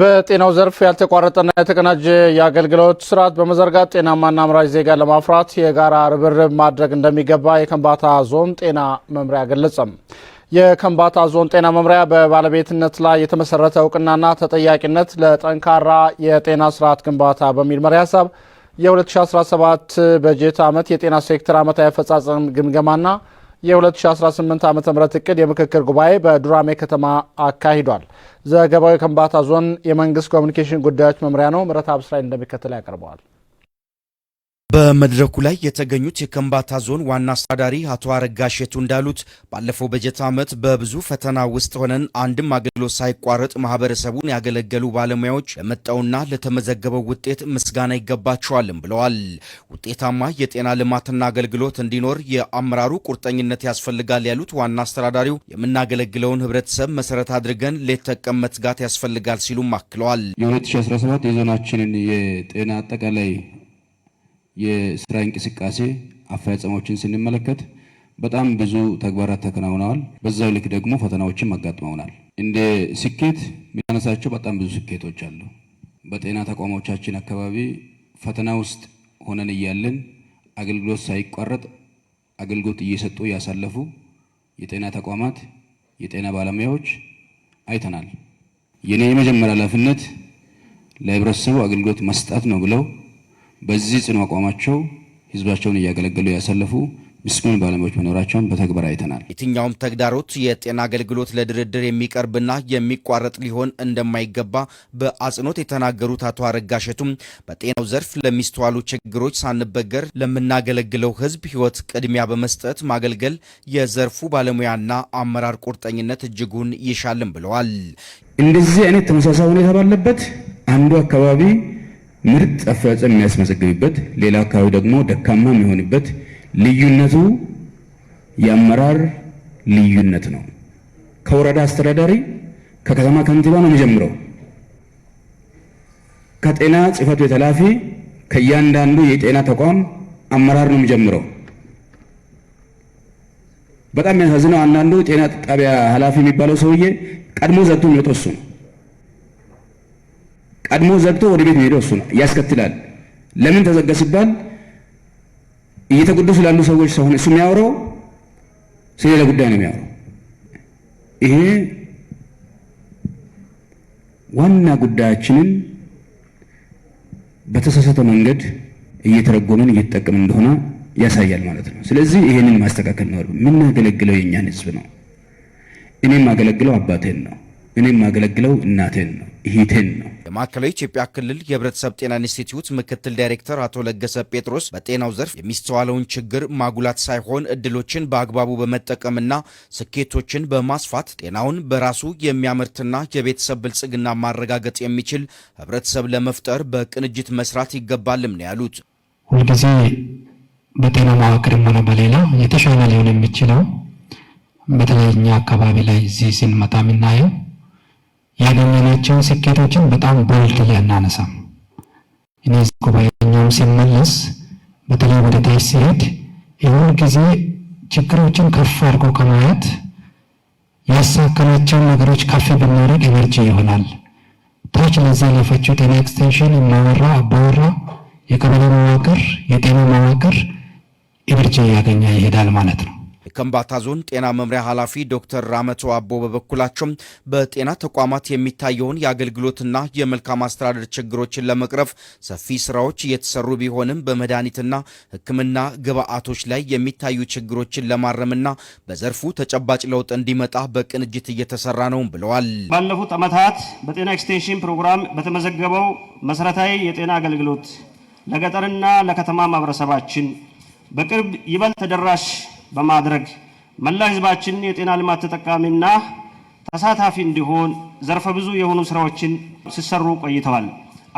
በጤናው ዘርፍ ያልተቋረጠና የተቀናጀ የአገልግሎት ስርዓት በመዘርጋት ጤናማና አምራች ዜጋ ለማፍራት የጋራ ርብርብ ማድረግ እንደሚገባ የከንባታ ዞን ጤና መምሪያ ገለጸም። የከንባታ ዞን ጤና መምሪያ በባለቤትነት ላይ የተመሰረተ እውቅናና ተጠያቂነት ለጠንካራ የጤና ስርዓት ግንባታ በሚል መሪ ሀሳብ የ2017 በጀት ዓመት የጤና ሴክተር ዓመታዊ አፈጻጸም ግምገማና የ2018 ዓ ም እቅድ የምክክር ጉባኤ በዱራሜ ከተማ አካሂዷል። ዘገባው የከምባታ ዞን የመንግስት ኮሚኒኬሽን ጉዳዮች መምሪያ ነው። ምረት አብስራይ እንደሚከተል ያቀርበዋል። በመድረኩ ላይ የተገኙት የከምባታ ዞን ዋና አስተዳዳሪ አቶ አረጋ ሼቱ እንዳሉት ባለፈው በጀት ዓመት በብዙ ፈተና ውስጥ ሆነን አንድም አገልግሎት ሳይቋረጥ ማህበረሰቡን ያገለገሉ ባለሙያዎች ለመጣውና ለተመዘገበው ውጤት ምስጋና ይገባቸዋልም ብለዋል። ውጤታማ የጤና ልማትና አገልግሎት እንዲኖር የአመራሩ ቁርጠኝነት ያስፈልጋል ያሉት ዋና አስተዳዳሪው የምናገለግለውን ህብረተሰብ መሰረት አድርገን ሌት ተቀን መትጋት ያስፈልጋል ሲሉም አክለዋል። የ2017 የዞናችንን የጤና አጠቃላይ የስራ እንቅስቃሴ አፈጻጸሞችን ስንመለከት በጣም ብዙ ተግባራት ተከናውነዋል። በዛው ልክ ደግሞ ፈተናዎችም አጋጥመውናል። እንደ ስኬት የሚያነሳቸው በጣም ብዙ ስኬቶች አሉ። በጤና ተቋሞቻችን አካባቢ ፈተና ውስጥ ሆነን እያለን አገልግሎት ሳይቋረጥ አገልግሎት እየሰጡ ያሳለፉ የጤና ተቋማት የጤና ባለሙያዎች አይተናል። የኔ የመጀመሪያ ኃላፊነት ለህብረተሰቡ አገልግሎት መስጠት ነው ብለው በዚህ ጽኑ አቋማቸው ህዝባቸውን እያገለገሉ ያሳለፉ ምስጉን ባለሙያዎች መኖራቸውን በተግባር አይተናል። የትኛውም ተግዳሮት የጤና አገልግሎት ለድርድር የሚቀርብና የሚቋረጥ ሊሆን እንደማይገባ በአጽንኦት የተናገሩት አቶ አረጋ ሸቱም በጤናው ዘርፍ ለሚስተዋሉ ችግሮች ሳንበገር ለምናገለግለው ህዝብ ህይወት ቅድሚያ በመስጠት ማገልገል የዘርፉ ባለሙያና አመራር ቁርጠኝነት እጅጉን ይሻልም ብለዋል። እንደዚህ አይነት ተመሳሳይ ሁኔታ ባለበት አንዱ አካባቢ ምርጥ አፈጻጸም የሚያስመዘግብበት፣ ሌላ አካባቢ ደግሞ ደካማ የሚሆንበት ልዩነቱ የአመራር ልዩነት ነው። ከወረዳ አስተዳዳሪ ከከተማ ከንቲባ ነው የሚጀምረው። ከጤና ጽህፈት ቤት ኃላፊ ከእያንዳንዱ የጤና ተቋም አመራር ነው የሚጀምረው። በጣም የሚያሳዝነው አንዳንዱ ጤና ጣቢያ ኃላፊ የሚባለው ሰውዬ ቀድሞ ዘግቶ የሚወጣው እሱ ነው። ቀድሞ ዘግቶ ወደ ቤት መሄደው እሱ ነው ያስከትላል። ለምን ተዘጋ ሲባል እየተጎዱ ስላሉ ሰዎች ሰሆን እሱ የሚያወራው ስለሌላ ጉዳይ ነው የሚያወራው። ይሄ ዋና ጉዳያችንን በተሳሳተ መንገድ እየተረጎመን እየተጠቀምን እንደሆነ ያሳያል ማለት ነው። ስለዚህ ይሄንን ማስተካከል ነው። የምናገለግለው የእኛን ህዝብ ነው። እኔም ማገለግለው አባቴን ነው። እኔም ማገለግለው እናቴን ነው። ሂደን ነው። የማዕከላዊ ኢትዮጵያ ክልል የህብረተሰብ ጤና ኢንስቲትዩት ምክትል ዳይሬክተር አቶ ለገሰ ጴጥሮስ በጤናው ዘርፍ የሚስተዋለውን ችግር ማጉላት ሳይሆን እድሎችን በአግባቡ በመጠቀምና ስኬቶችን በማስፋት ጤናውን በራሱ የሚያመርትና የቤተሰብ ብልጽግና ማረጋገጥ የሚችል ህብረተሰብ ለመፍጠር በቅንጅት መስራት ይገባልም ነው ያሉት። ሁልጊዜ በጤና መዋቅርም ሆነ በሌላ የተሻለ ሊሆን የሚችለው በተለይ እኛ አካባቢ ላይ እዚህ ስንመጣ የምናየው ያገኘናቸውን ስኬቶችን በጣም ቦልድ እያናነሳም እኔ ጉባኤኛውም ሲመለስ በተለይ ወደ ታች ሲሄድ የሁል ጊዜ ችግሮችን ከፍ አድርጎ ከማየት ያሳከናቸውን ነገሮች ከፍ ብናደርግ ኤነርጂ ይሆናል። ታች ለዛ ለፈችው ጤና ኤክስቴንሽን፣ የማወራ አባወራ፣ የቀበሌ መዋቅር፣ የጤና መዋቅር ኤነርጂ እያገኘ ይሄዳል ማለት ነው። የከምባታ ዞን ጤና መምሪያ ኃላፊ ዶክተር ራመቶ አቦ በበኩላቸው በጤና ተቋማት የሚታየውን የአገልግሎትና የመልካም አስተዳደር ችግሮችን ለመቅረፍ ሰፊ ስራዎች እየተሰሩ ቢሆንም በመድኃኒትና ሕክምና ግብዓቶች ላይ የሚታዩ ችግሮችን ለማረምና በዘርፉ ተጨባጭ ለውጥ እንዲመጣ በቅንጅት እየተሰራ ነው ብለዋል። ባለፉት ዓመታት በጤና ኤክስቴንሽን ፕሮግራም በተመዘገበው መሰረታዊ የጤና አገልግሎት ለገጠርና ለከተማ ማህበረሰባችን በቅርብ ይበልጥ ተደራሽ በማድረግ መላ ህዝባችን የጤና ልማት ተጠቃሚና ተሳታፊ እንዲሆን ዘርፈ ብዙ የሆኑ ስራዎችን ሲሰሩ ቆይተዋል።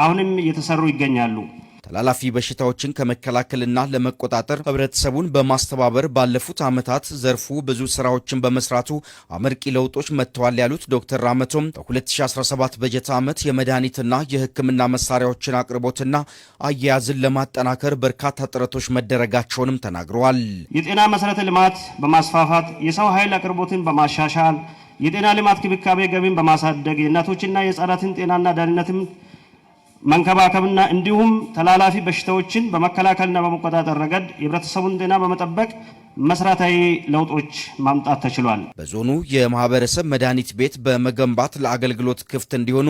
አሁንም እየተሰሩ ይገኛሉ። ተላላፊ በሽታዎችን ከመከላከልና ለመቆጣጠር ህብረተሰቡን በማስተባበር ባለፉት ዓመታት ዘርፉ ብዙ ስራዎችን በመስራቱ አመርቂ ለውጦች መጥተዋል ያሉት ዶክተር ራመቶም በ2017 በጀት ዓመት የመድኃኒትና የህክምና መሳሪያዎችን አቅርቦትና አያያዝን ለማጠናከር በርካታ ጥረቶች መደረጋቸውንም ተናግረዋል። የጤና መሰረተ ልማት በማስፋፋት የሰው ኃይል አቅርቦትን በማሻሻል የጤና ልማት ክብካቤ ገቢን በማሳደግ የእናቶችና የህጻናትን ጤናና ደህንነትም መንከባከብና እንዲሁም ተላላፊ በሽታዎችን በመከላከልና በመቆጣጠር ረገድ የህብረተሰቡን ጤና በመጠበቅ መስራታዊ ለውጦች ማምጣት ተችሏል። በዞኑ የማህበረሰብ መድኃኒት ቤት በመገንባት ለአገልግሎት ክፍት እንዲሆኑ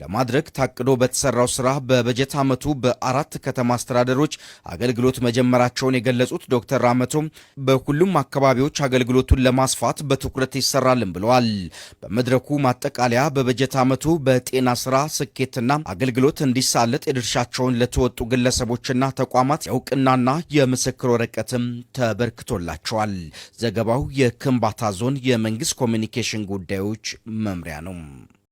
ለማድረግ ታቅዶ በተሰራው ስራ በበጀት ዓመቱ በአራት ከተማ አስተዳደሮች አገልግሎት መጀመራቸውን የገለጹት ዶክተር ራመቶም በሁሉም አካባቢዎች አገልግሎቱን ለማስፋት በትኩረት ይሰራልን ብለዋል። በመድረኩ ማጠቃለያ በበጀት ዓመቱ በጤና ስራ ስኬትና አገልግሎት እንዲሳለጥ የድርሻቸውን ለተወጡ ግለሰቦችና ተቋማት የእውቅናና የምስክር ወረቀትም ተበርክቶላቸዋል። ዘገባው የከምባታ ዞን የመንግስት ኮሚኒኬሽን ጉዳዮች መምሪያ ነው።